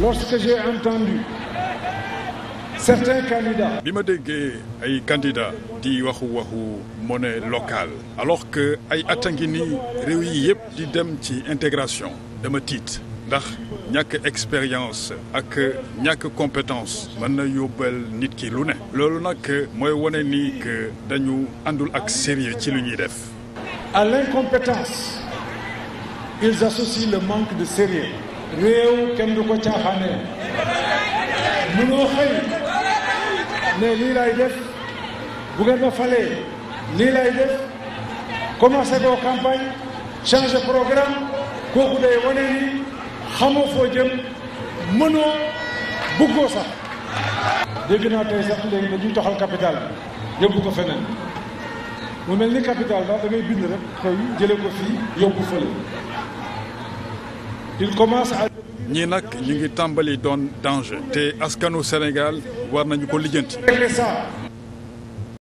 lorsque j'ai entendu certains candidats. bi ma déggee ay candidats di waxu waxu monnaie local alors que ay at a ngi nii réew yi yëpp di dem ci intégration dama tiit ndax ñàkk expérience ak ñàkk compétence mën na yóbbal nit ki lu ne. loolu nag mooy wane ni que dañu àndul ak sérieux ci lu ñuy def. à l'incompétence ils associent le manque de sérieux réew kenn du ko caaxaane mënoo xëy ne lii lay def bu ngeen ma falee lii lay def commencé koo campagne changé programme kooku day wane ni xamoo foo jëm mënoo bëggoo sax dégg naa tey sax léegi dañuy toxal capital yóbbu ko feneen mu mel ni capital daal da ngay bind rek koy jële ko fii yóbbu fële il commence à. ñii nag ñu ngi tàmbali doon danger te askanu Sénégal war nañu ko lijjanti.